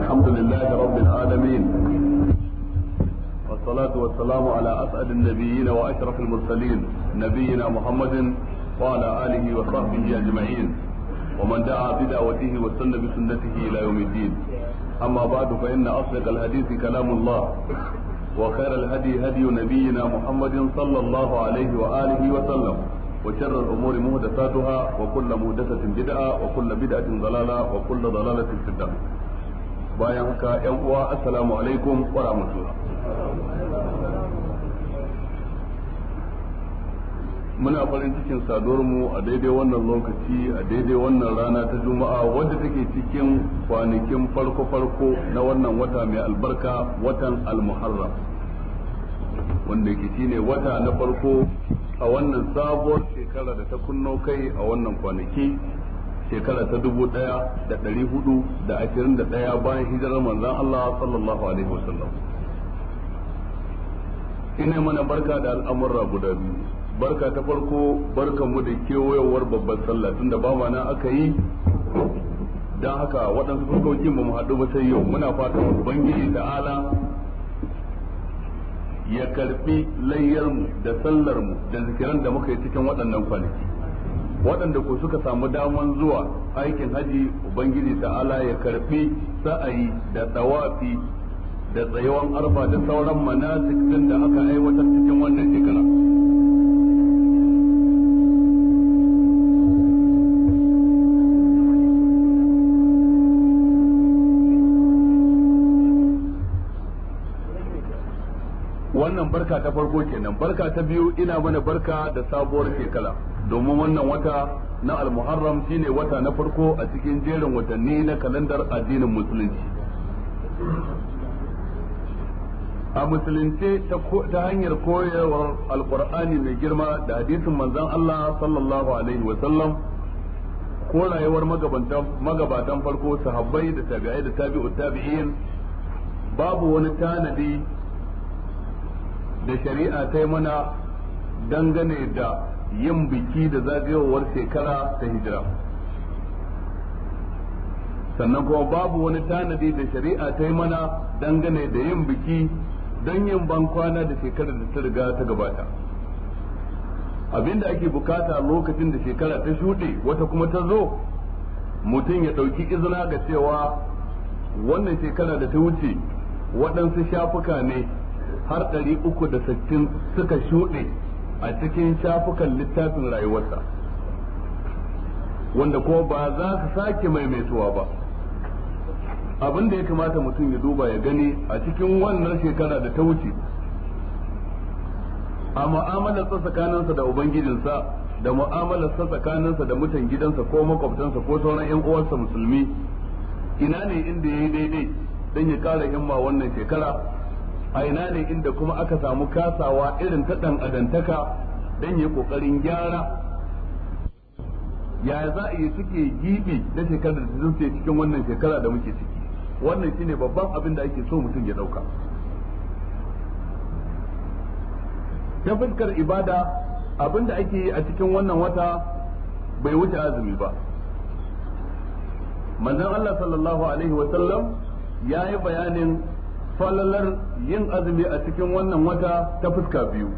الحمد لله رب العالمين والصلاة والسلام على أسعد النبيين وأشرف المرسلين نبينا محمد وعلى آله وصحبه أجمعين ومن دعا بدعوته وسن بسنته إلى يوم الدين أما بعد فإن أصدق الحديث كلام الله وخير الهدي هدي نبينا محمد صلى الله عليه وآله وسلم وشر الأمور مهدساتها وكل مهدسة بدعة وكل بدعة ضلالة وكل ضلالة في الدم bayan haka yan uwa assalamu alaikum wa rahmatullah muna farin cikin saduwar mu a daidai wannan lokaci a daidai wannan rana ta juma'a wadda take cikin kwanakin farko-farko na wannan wata mai albarka watan almuharram wanda ke shine wata na farko a wannan sabuwar shekara da ta kunno kai a wannan kwanaki shekara ta dubu ɗaya da ɗari hudu da ashirin da ɗaya bayan hijirar manzan Allah sallallahu alaihi wasallam ina mana barka da al'amurra guda biyu barka ta farko barkan mu da kewayowar babban sallah tunda ba ma na aka yi don haka waɗansu fuskokin ba mu haɗu ba sai yau muna fatan ubangiji ala ya karɓi layyarmu da sallarmu da zikiran da muka yi cikin waɗannan kwanaki waɗanda ko suka samu daman zuwa aikin haji ubangiji ta'ala ya karfi sa'ayi da tsawafi da tsayawan arba da sauran manasik da aka aiwatar cikin wannan shekara wannan barka ta farko kenan barka ta biyu ina mana barka da sabuwar shekara domin wannan wata na al-muharram shine wata na farko a cikin jerin watanni na kalandar addinin musulunci a musulunce ta hanyar koyarwar alkur'ani mai girma da hadisin manzon Allah sallallahu alaihi wasallam ko rayuwar magabatan farko sahabbai da tabi'ai da tabi'u tabi'in babu wani tanadi da shari'a ta mana dangane da yin biki da zagayowar shekara ta hijira sannan kuma babu wani tanadi da shari'a ta yi mana dangane da yin biki don yin bankwana da shekarar da ta riga ta gabata abinda ake bukata lokacin da shekara ta shuɗe wata kuma ta zo mutum ya ɗauki izina ga cewa wannan shekara da ta wuce waɗansu shafuka ne har ɗari uku da sittin suka shuɗe a cikin shafukan littafin rayuwarsa wanda kuma ba za su sake maimaituwa ba abin da ya kamata mutum ya duba ya gani a cikin wannan shekara da ta wuce a mu'amalarsa tsakaninsa da ubangijinsa da mu'amalarsa tsakaninsa da mutan gidansa ko makwabtansa ko sauran 'yan uwarsa musulmi ina ne inda ya yi daidai don ya kara himma wannan shekara a ina ne inda kuma aka samu kasawa irin ta dan adantaka dan yi kokarin gyara yaya za a yi suke gibi na shekarar da sun cikin wannan shekara da muke ciki wannan shine babban abin da ake so mutum ya dauka ta fuskar ibada abin da ake yi a cikin wannan wata bai wuce azumi ba manzon Allah sallallahu alaihi wa ya yi bayanin falalar yin azumi a cikin wannan wata ta fuska biyu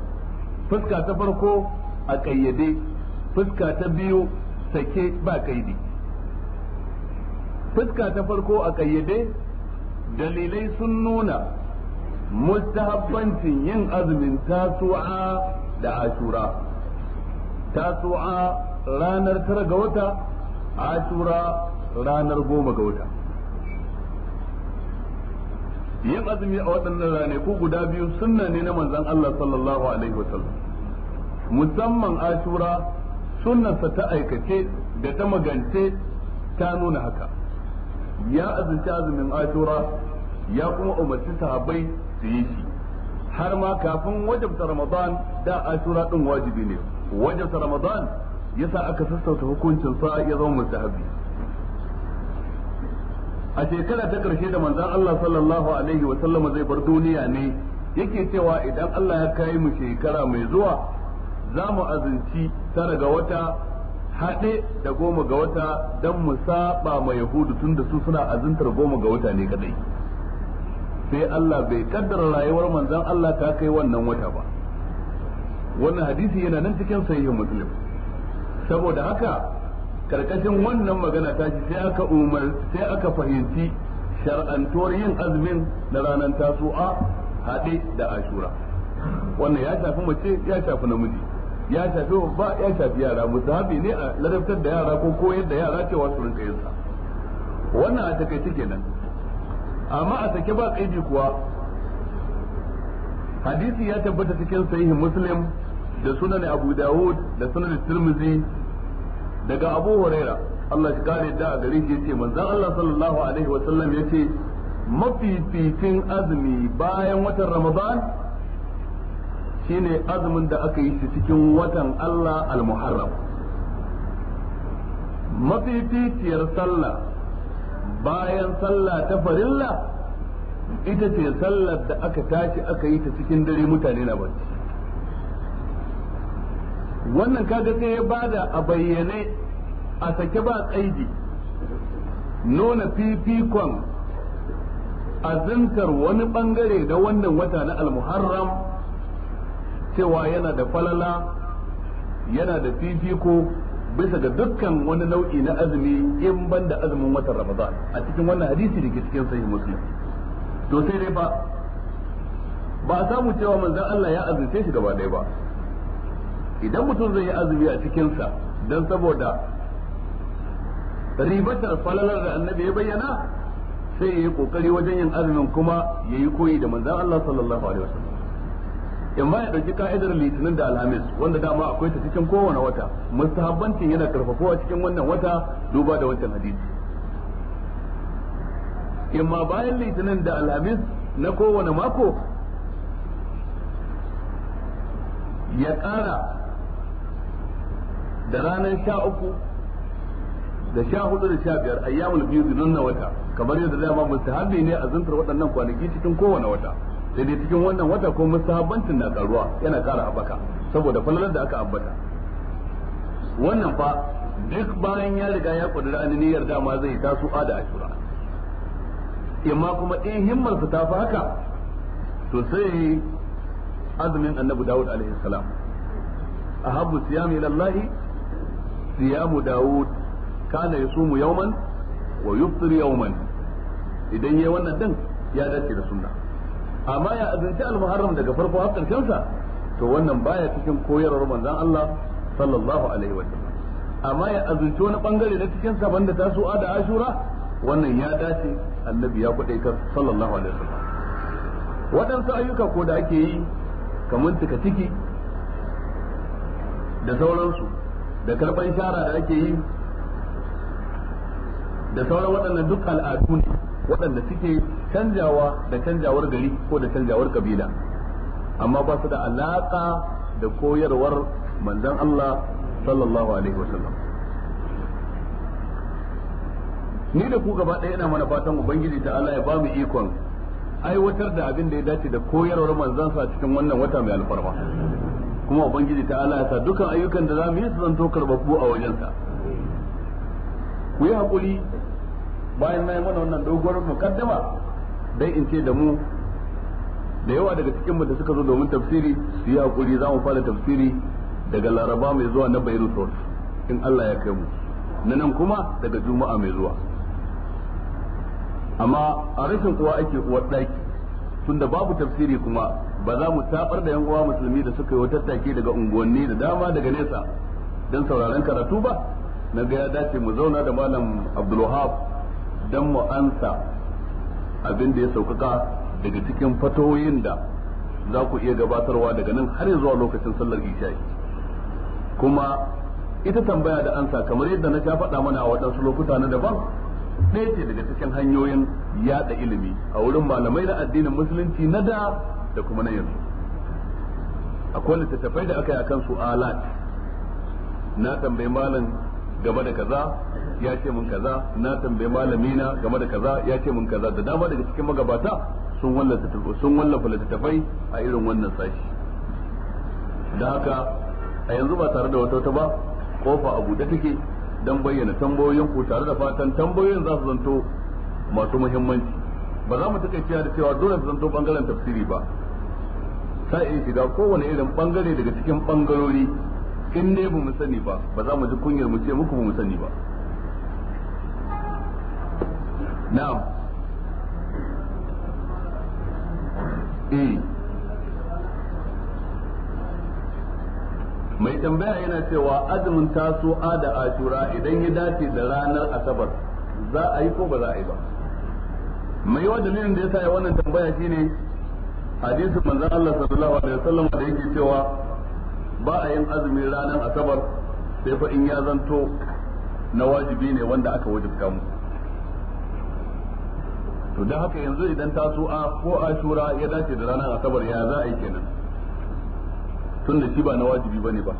fuska ta farko a kayyade fuska ta biyu sake ba kaidi fuska ta farko a kayyade dalilai sun nuna mustahabbancin yin azumin tasu'a da ashura tasu'a ranar tara ga wata ashura ranar goma ga wata yin azumi a waɗannan rane ko guda biyu sunna ne na manzan Allah sallallahu alaihi wasallam musamman ashura sunnarsa ta aikace da ta magance ta nuna haka ya azumci azumin ashura ya kuma umarci sahabbai su yi shi har ma kafin wajabta ramadan da ashura ɗin wajibi ne wajabta ramadan yasa aka sassauta hukuncin sa ya zama mustahabi a shekara ta karshe da manzan Allah sallallahu alaihi wa sallama zai bar duniya ne yake cewa idan Allah ya kai mu shekara mai zuwa za mu azinci tara ga wata haɗe da goma ga wata don mu saba ma yahudu tun da su suna azintar goma ga wata ne kadai sai Allah bai kaddara rayuwar manzan Allah ta kai wannan wata ba wannan hadisi yana nan cikin sahihin muslim saboda haka karkashin wannan magana ta shi sai aka umar sai aka fahimci shar'antuwar yin azumin na ranar tasu'a haɗe da ashura wannan ya shafi mace ya shafi namiji ya shafi babba ya shafi yara musahabi ne a larabtar da yara ko koyar da yara cewa su rinka yinsa wannan a takaice kenan amma a sake ba kaidi kuwa hadisi ya tabbata cikin sahihin muslim da sunan abu dawud da sunan tirmidhi daga Abu Huraira Allah ya kare da a gare shi yace manzon Allah sallallahu alaihi wa sallam yace mafificin azumi bayan watan Ramadan shine azumin da aka yi shi cikin watan Allah al-Muharram mafificiyar sallah bayan sallah ta farilla ita ce sallar da aka tashi aka yi ta cikin dare mutane na barci wannan kaga sai ya bada a bayyane a sake ba tsaidi nuna fifikon azintar wani bangare da wannan wata na almuharram cewa yana da falala yana da fifiko bisa ga dukkan wani nau'i na azumi in ban da azumin watan ramadan a cikin wannan hadisi da ke cikin sahih muslim to sai dai ba ba a samu cewa manzon Allah ya azumce shi gaba ɗaya ba idan mutum zai yi azumi a cikinsa don saboda ribatar falalar da annabi ya bayyana sai ya yi kokari wajen yin azumin kuma ya yi koyi da manzan Allah sallallahu alaihi wasallam in ba ya ɗauki ka'idar litinin da alhamis wanda dama akwai ta cikin kowane wata mustahabbancin yana karfafawa cikin wannan wata duba da wancan hadisi in ma bayan litinin da alhamis na kowane mako ya ƙara da ranar sha uku da sha hudu da sha biyar ayyamul biyu nan na wata kamar yadda dama mustahabi ne a zuntar waɗannan kwanaki cikin kowane wata sai dai cikin wannan wata ko mustahabbancin na karuwa yana kara abaka saboda falalar da aka ambata wannan fa duk bayan ya riga ya ƙudura aniyar dama zai taso a da ashura imma kuma in himmarsa ta fi haka to sai azumin annabi dawud alaihi salam ahabbu siyami lallahi. siyamu dawud kana yasumu yawman wa yuftir yawman idan yayi wannan din ya dace da sunna amma ya azanci al-muharram daga farko har karshen sa to wannan baya cikin koyarwar manzon Allah sallallahu alaihi wa sallam amma ya azanci wani bangare na cikin sa banda tasu'a da ashura wannan ya dace annabi ya kudaitar sallallahu alaihi wa sallam waɗansu ayyuka ko da ake yi kamar cika ciki da sauransu da karban shara da ake yi da sauran waɗannan duk al'adu ne waɗanda suke canjawa da canjawar gari ko da canjawar kabila amma ba su da alaƙa da koyarwar manzon Allah sallallahu alaihi wasallam ni da ku gaba ɗaya yana mana fatan ubangiji ta Allah ya ba mu ikon aiwatar da abin da ya dace da koyarwar manzansa cikin wannan wata mai alfarma kuma ubangiji ta Allah ya sa dukkan ayyukan da zamu yi su zanto karbabu a wajensa ku yi hakuri bayan na yi mana wannan doguwar mukaddama dai in ce da mu da yawa daga cikin mu da suka zo domin tafsiri su yi hakuri za mu fara tafsiri daga laraba mai zuwa na bayrut in Allah ya kai mu na nan kuma daga juma'a mai zuwa amma a rashin kuwa ake uwar ɗaki tunda babu tafsiri kuma ba za mu tabar da yan uwa musulmi da suka yi wata take daga unguwanni da dama daga nesa don sauraron karatu ba na ga ya dace mu zauna da malam abdulwahab don mu ansa abin da ya saukaka daga cikin fatoyin da za ku iya gabatarwa daga nan har zuwa lokacin sallar isha kuma ita tambaya da ansa kamar yadda na faɗa mana a waɗansu lokuta na daban ɗaya ce daga cikin hanyoyin yaɗa ilimi a wurin malamai na addinin musulunci na da da kuma na yanzu akwai littattafai da aka yi akan su'alat na tambayi malam game da kaza ya ce mun kaza na tambayi malami na game da kaza ya ce mun kaza da dama daga cikin magabata sun wallafa sun wallafa littattafai a irin wannan sashi da haka a yanzu ba tare da wata wata ba kofa a buɗe take don bayyana tambayoyin ku tare da fatan tambayoyin za su zanto masu muhimmanci ba za mu taƙaiciya da cewa dole su zanto bangaren tafsiri ba sa'in iya shiga kowane irin bangare daga cikin bangarori in ne ba mu sani ba ba za mu ji kunyar mu ce muku ba mu sani ba na'am eh mai tambaya yana cewa azumin tasu'a da ashura idan ya dace da ranar asabar za a yi ko ba za a yi ba mai yawa dalilin da ya sa ya wannan tambaya shine hadisin manzon Allah sallallahu alaihi wasallam da yake cewa ba a yin azumi ranar asabar sai fa in ya zanto na wajibi ne wanda aka wajibta mu to dan haka yanzu idan ta a ko a shura ya dace da ranar asabar ya za a yi kenan tun da shi ba na wajibi bane ba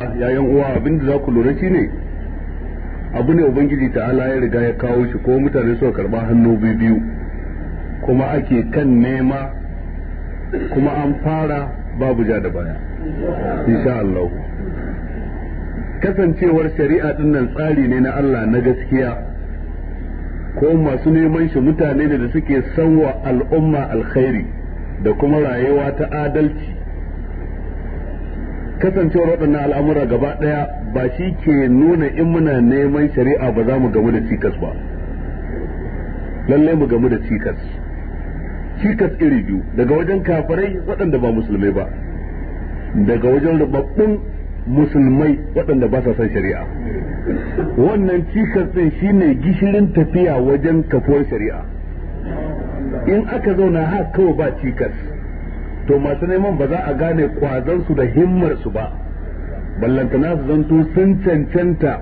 yayin uwa abinda za ku lura shine abu ne ubangiji ta'ala ya riga ya kawo shi ko mutane suka karba hannu biyu kuma ake kan nema kuma an fara babu ja da baya insha Allah kasancewar shari'a din nan tsari ne na Allah na gaskiya ko masu neman shi mutane ne da suke sanwa al'umma alkhairi da kuma rayuwa ta adalci kasancewar waɗannan al'amura gaba ɗaya ba shi ke nuna in muna neman shari'a ba za mu gamu da cikas ba lallai mu gamu da cikas cikas iri biyu daga wajen kafirai waɗanda ba musulmai ba daga wajen rubabbun musulmai waɗanda ba sa son shari'a wannan cikas ɗin shine gishirin tafiya wajen kafuwar shari'a in aka zauna ha kawai ba cikas to masu neman ba za a gane kwazansu da himmarsu ba ballantana su zanto sun cancanta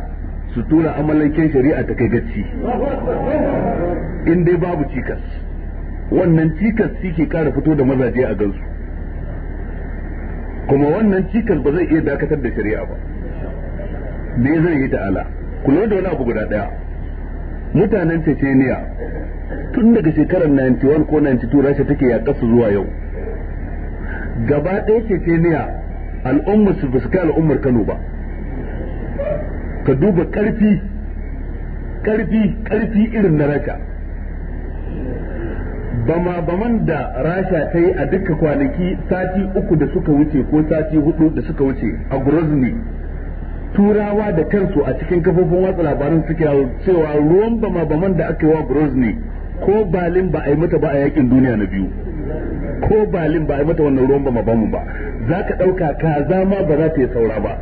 su tura amalanken shari'a ta kai gaci in dai babu cikas wannan cikas shi ke kara fito da mazaje a gansu kuma wannan cikas ba zai iya dakatar da shari'a ba da zai yi ta'ala kula da wani abu guda daya mutanen Chechenia tun daga shekarar 91 ko 92 Rasha take ya kasu zuwa yau gaba ɗaya Chechenia al'ummar su fuska al'ummar Kano ba ka duba ƙarfi karfi karfi irin na Rasha bama baman da rasha ta yi a duka kwanaki sati uku da suka wuce ko sati hudu da suka wuce a grozny turawa da kansu a cikin kafofin watsa labaran suke cewa ruwan bama baman da aka yi wa grozny ko balin ba a yi mata ba a yakin duniya na biyu ko balin ba a yi mata wannan ruwan bama bamu ba za ka ɗauka kaza ma ba za ta yi saura ba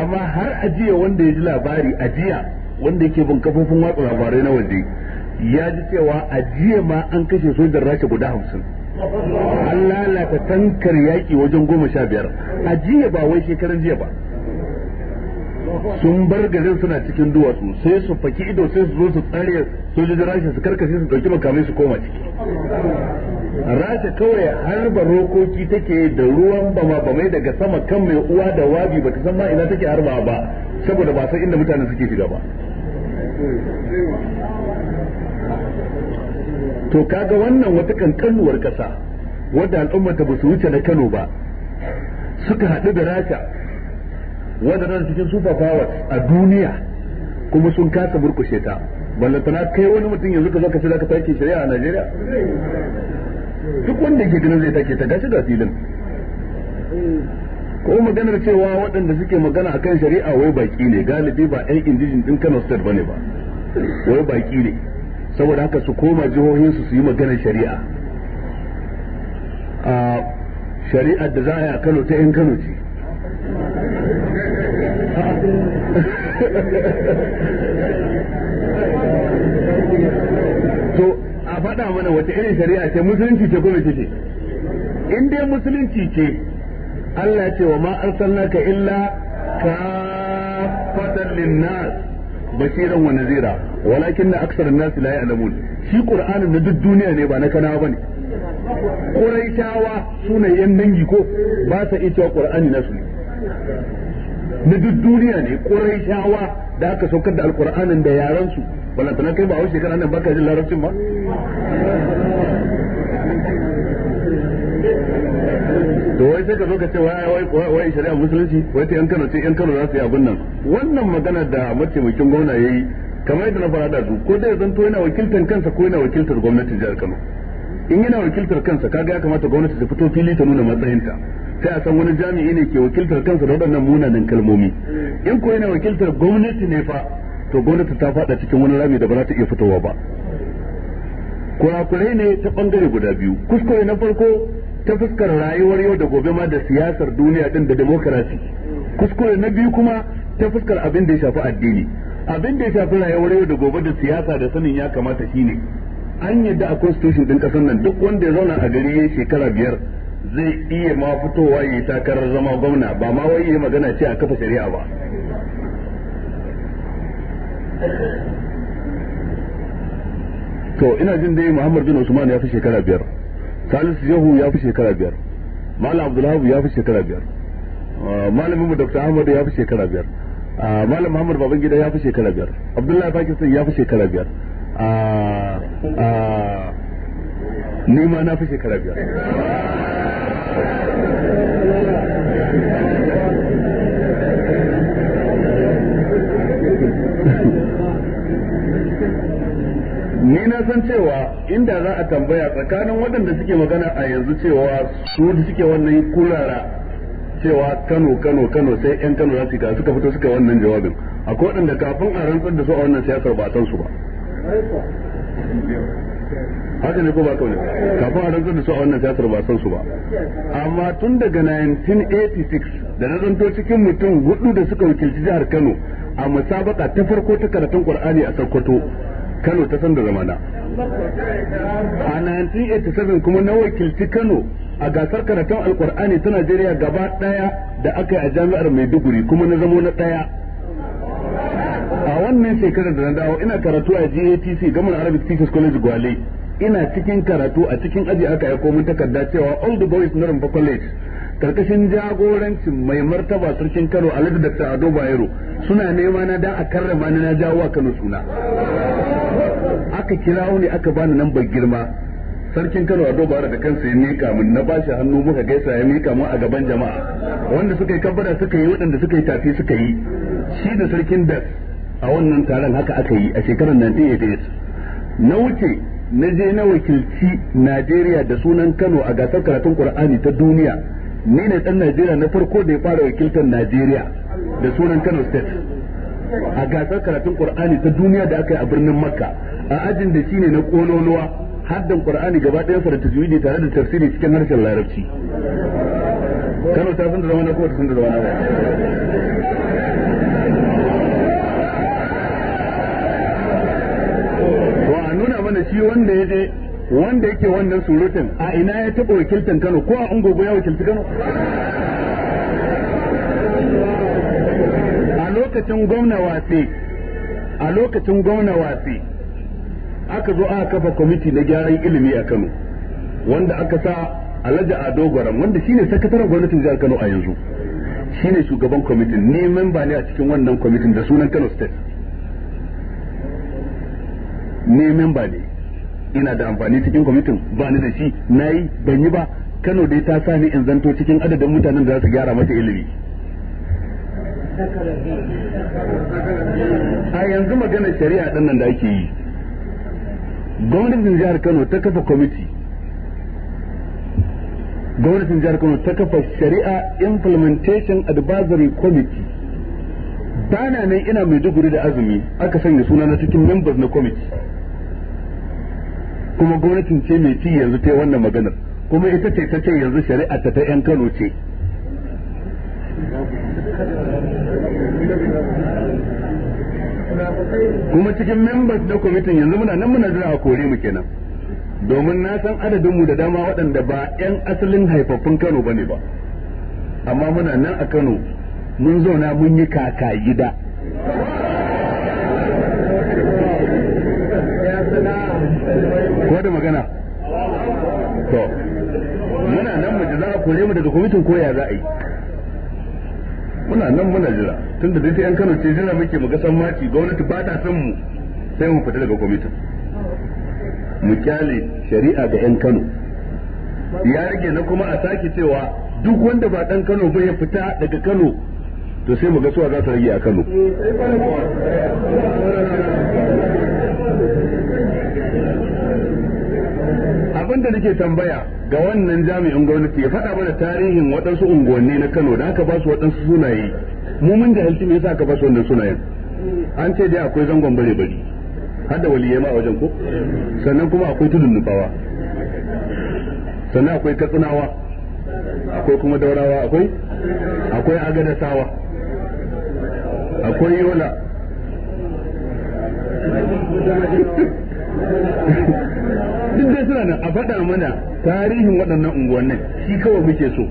amma har ajiya wanda ya ji labari ajiya wanda yake bin kafofin watsa labarai na waje ya ji cewa a jiya ma an kashe sojan rasha guda hamsin an lalata tankar yaƙi wajen goma sha biyar a jiya ba wai shekarun jiya ba sun bar garin suna cikin duwatsu sai su faki ido sai su zo su tsare sojojin rasha su karkashe su ɗauki makamai su koma ciki rasha kawai harba rokoki take da ruwan bama bamai daga sama kan mai uwa da wabi ba bata san ma ina take harba ba saboda ba san inda mutane suke shiga ba to kaga wannan wata kankanuwar kasa wadda al'ummata ba su wuce na Kano ba suka haɗu da Rasha wadda nan cikin super powers a duniya kuma sun kasa burkushe ta ballantana kai wani mutum yanzu ka zo ka ce ka take shari'a a Najeriya duk wanda ke ganin zai take ta gashi da filin ko maganar cewa waɗanda suke magana akan shari'a wai baki ne galibi ba 'yan indijin ɗin Kano state bane ba wai baki ne saboda haka su koma jihohinsu su yi magana shari'a a shari'ar da za a yi a kano ta 'yan kano ce to a faɗa mana wata irin shari'a ce musulunci ce kuma ce in dai musulunci ce Allah ce wa ma ka illa ka fatan linnas bashirin wa nazira walakin na aksar nas la ya'lamun shi qur'anin na duk duniya ne ba na kana bane quraishawa sune yan dangi ko ba ta ita qur'ani nasu ne na duk duniya ne quraishawa da aka saukar da alqur'anin da yaran su wala tana kai ba wai shekara nan baka jin larabcin ba to wai sai ka zo ka ce wai wai shari'a musulunci wai ta yan Kano ce yan Kano za su yi abin nan wannan magana da mataimakin gwamna yayi kamar yadda na faɗa su ko dai zanto yana wakiltar kansa ko yana wakiltar gwamnatin jihar Kano in yana wakiltar kansa kaga ya kamata gwamnati ta fito fili ta nuna matsayinta sai a san wani jami'i ne ke wakiltar kansa da waɗannan munanan kalmomi in ko yana wakiltar gwamnati ne fa to gwamnati ta faɗa cikin wani rami da ba za ta iya fitowa ba kurakurai ne ta bangare guda biyu kuskure na farko ta fuskar rayuwar yau da gobe ma da siyasar duniya din da demokarasi kuskure na biyu kuma ta fuskar abin da ya shafi addini abin da ya shafi rayuwar yau da gobe da siyasa da sanin ya kamata shi ne an yadda a constitution din kasar nan duk wanda ya zauna a gari ya shekara biyar zai iya ma fitowa ya yi takarar zama gwamna ba ma wai ya magana ce a kafa shari'a ba to ina jin dai Muhammad bin Usman ya fi shekara biyar Salisu Yahu ya fi shekara biyar Malam Abdullahi ya fi shekara biyar malamin mu Dr. Ahmad ya fi shekara biyar Ah, malam muhammad baban gida ya fi shekara biyar abdullahi pakistan ya fi shekara biyar ah, ah, ni ma na fi shekara biyar ni na san cewa inda za a tambaya tsakanin waɗanda suke magana a yanzu cewa su da suke wannan kurara cewa Kano Kano Kano sai yan Kano za su ga suka fito suka wannan jawabin akwai waɗanda kafin a rantsar da su a wannan siyasar ba a san su ba haka ne ko ba kawai kafin a rantsar da su a wannan siyasar ba san su ba amma tun daga 1986 da na zanto cikin mutum hudu da suka wakilci jihar Kano a musabaka ta farko ta karatun Qur'ani a Sokoto Kano ta san da zamana a 1987 kuma na wakilci Kano a gasar karatun alkur'ani ta Najeriya gaba daya da aka yi a jami'ar Maiduguri kuma na zamo na daya a wannan shekarar da na dawo ina karatu a GATC Gamal Arabic Teachers College Gwale ina cikin karatu a cikin aji aka yi komin takarda cewa all the boys na Rumfa College karkashin jagorancin mai martaba sarkin Kano Alhaji Dr. Ado Bayero suna nema na dan a karrama na jawo a Kano suna aka kira ne aka bani nan girma sarkin Kano a dobara da kansa ya mika min na bashi hannu muka gaisa ya mika mu a gaban jama'a wanda suka yi kabbara suka yi waɗanda suka yi tafi suka yi shi da sarkin da a wannan taron haka aka yi a shekarar 1988 na wuce na je na wakilci Najeriya da sunan Kano a gasar karatun Qur'ani ta duniya ni ne dan Najeriya na farko da ya fara wakiltar Najeriya da sunan Kano State a gasar karatun Qur'ani ta duniya da aka yi a birnin Makka a ajin da shine na kololuwa haddan qur'ani gaba ɗaya fara tajwidi tare da tafsiri cikin harshen larabci kano ta san da zama na ko ta san da zama na ba wa nuna mana shi wanda ya je wanda yake wannan surutun a ina ya taɓa wakiltan Kano ko a ungogo ya wakilci Kano a lokacin gwamna wasi a lokacin gwamna wasi aka zo aka kafa kwamiti na gyaran ilimi a Kano wanda aka sa Alhaji Ado Gwaram wanda shine sakataren gwamnatin jihar Kano a yanzu shine shugaban kwamitin ne memba ne a cikin wannan kwamitin da sunan Kano State ne memba ne ina da amfani cikin kwamitin ba ni da shi nayi ban yi ba Kano dai ta sa ni in zanto cikin adadin mutanen da za su gyara mata ilimi a yanzu maganar shari'a ɗannan nan da ake yi gwamnatin jihar Kano ta kafa kwamiti gwamnatin jihar Kano ta kafa shari'a implementation advisory committee na nan ina mai duguri da azumi aka sanya suna na cikin members na kwamiti kuma gwamnatin ce mai ci yanzu ta wannan maganar kuma ita ce ta ce yanzu shari'a ta ta 'yan Kano ce kuma cikin members na kwamitin yanzu muna nan muna jira a kore mu kenan domin na san adadin mu da dama waɗanda ba 'yan asalin haifaffun Kano bane ba amma muna nan a Kano mun zauna mun yi kaka gida ko da magana to muna nan mu jira a kore mu daga kwamitin koya za a yi muna nan muna jira tun da zai yan Kano ce jira muke mu ga san maci gwamnati ba ta san mu sai mu fita daga kwamitin mu kyale shari'a ga yan Kano ya rage na kuma a sake cewa duk wanda ba dan Kano ba ya fita daga Kano to sai mu ga suwa za su rage a Kano abin da nake tambaya ga wannan jami'in gwamnati ya faɗa mana tarihin waɗansu unguwanni na Kano da aka ba su waɗansu sunaye mu mun jahilci me yasa ka fasa wannan sunayen an ce dai akwai zangon bare bari har da waliyai ma wajen ko sannan kuma akwai tudun nufawa sannan akwai katsinawa akwai kuma daurawa akwai akwai agadasawa akwai yola duk dai suna nan a faɗa mana tarihin waɗannan unguwannin shi kawai muke so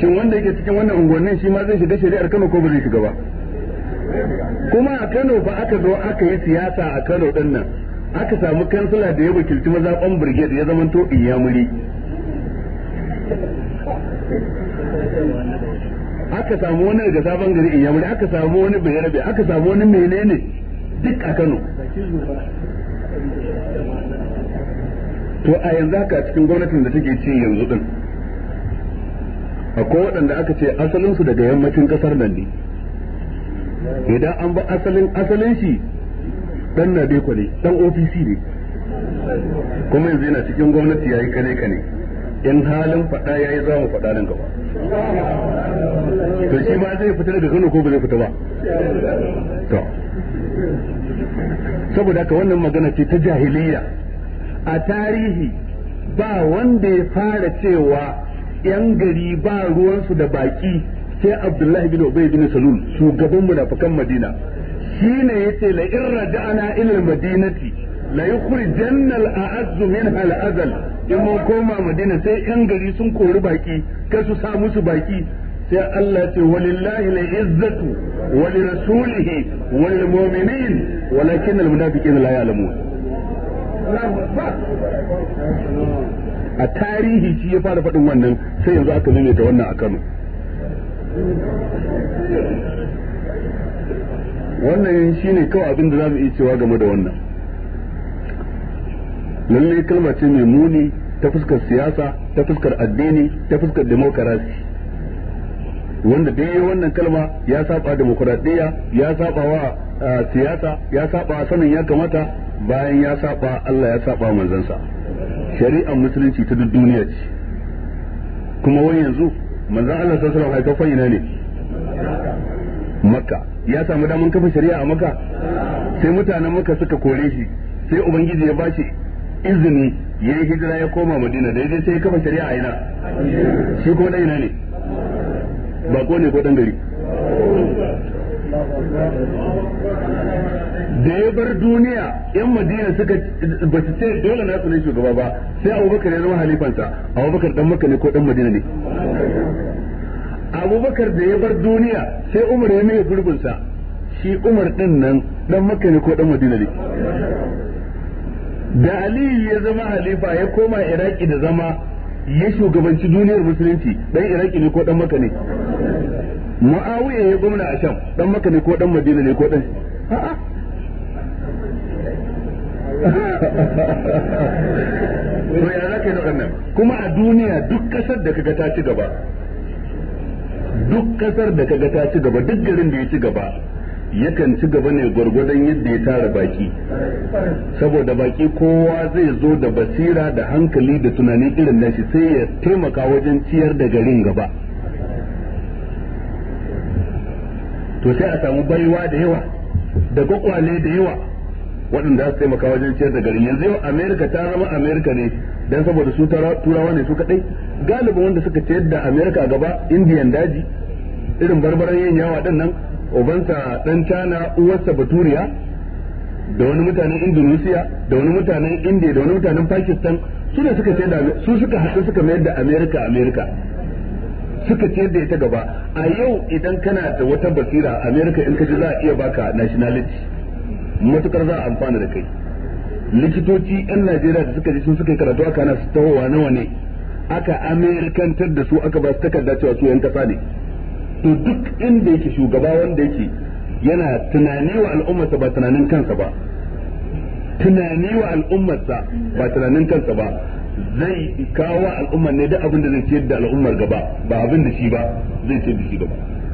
shin wanda yake cikin wannan unguwannin shi ma zai shiga shari'ar Kano ko ba zai shiga ba kuma a Kano ba aka zo aka yi siyasa a Kano din nan aka samu kansila da ya wakilci mazaɓan brigade ya zamanto iyamuri aka samu wani daga sabon gari iyamuri aka samu wani rabe aka samu wani menene duk a Kano to a yanzu haka cikin gwamnatin da take ci yanzu din akwai waɗanda aka ce asalinsu daga yammacin ƙasar nan ne idan an ba asalin asalin shi ɗan na dai ne ɗan ofc ne kuma yanzu yana cikin gwamnati ya yi kane kane in halin faɗa ya za mu faɗa nan gaba to shi ma zai fita daga Kano ko ba zai fita ba to saboda haka wannan magana ce ta jahiliya a tarihi ba wanda ya fara cewa yan gari ba ruwansu da baki sai abdullahi bin ubay bin salul shugaban munafikan madina shine ce la in ana ila madinati la yukhrijanna al-a'azz minha al-azal in mun koma madina sai yan gari sun kori baki kai su sa musu baki sai Allah ce walillahi la izzatu wa li rasulihi wa lil mu'minin walakin al-munafiqina la ya'lamun a tarihi shi ya fara faɗin wannan sai yanzu aka ta wannan a Kano wannan shi ne kawai abin da za mu iya cewa game da wannan lallai kalma ce mai muni ta fuskar siyasa ta fuskar addini ta fuskar demokarasi wanda da yi wannan kalma ya saba demokuraɗiyya ya saba wa ah, siyasa ya saba sanin ya kamata bayan ya saba Allah ya saba manzansa shari'ar musulunci ta duk duniya ce kuma wani yanzu manzan Allah sallallahu alaihi wasallam ina ne makka ya sami daman kafa shari'a a makka sai mutanen makka suka kore shi sai ubangiji ya bashi izini ya yi hijira ya koma madina daidai sai ya kafa shari'a ina shi ko ina ne ba ko ne ko dan gari da ya bar duniya yan madina suka ba su ce dole na su ne shugaba ba sai abubakar ya zama halifansa abubakar dan maka ne ko dan madina ne abubakar da ya bar duniya sai umar ya mai gurbinsa shi umar din nan dan maka ne ko dan madina ne da aliyu ya zama halifa ya koma iraki da zama ya shugabanci duniyar musulunci dan iraki ne ko dan maka ne muawiya ya gwamna a sham dan maka ne ko dan madina ne ko dan a'a to ya za ka yi kuma a duniya duk ƙasar da kaga ta ci gaba duk kasar da kaga ta ci gaba duk garin da ya ci gaba yakan ci gaba ne gwargwadon yadda ya tara baki saboda baki kowa zai zo da basira da hankali da tunani irin nashi sai ya taimaka wajen ciyar da garin gaba to sai a samu baiwa da yawa da gwakwale da yawa waɗanda za su taimaka wajen ciyar da garin yanzu yau amerika ta zama amerika ne don saboda su turawa ne su kadai galibin wanda suka ciyar da amerika gaba indiyan daji irin barbaran yin yawa ɗan nan ubansa ɗan cana uwarsa baturiya da wani mutanen indonesia da wani mutanen india da wani mutanen pakistan su ne suka ciyar da su suka haɗu suka mayar da amerika amerika suka ciyar da ita gaba a yau idan kana da wata basira amerika in ka ji za a iya baka nationality matukar za a amfana da kai likitoci yan Najeriya da suka je sun suka yi karatu aka na su tahowa nawa ne aka amerikantar da su aka ba su takarda cewa su yan kasa ne to duk inda yake shugaba wanda yake yana tunani wa al'ummarsa ba tunanin kansa ba tunani wa al'ummarsa ba tunanin kansa ba zai kawo al'ummar ne duk abin da zai ciyar da al'ummar gaba ba abin da shi ba zai ciyar da shi gaba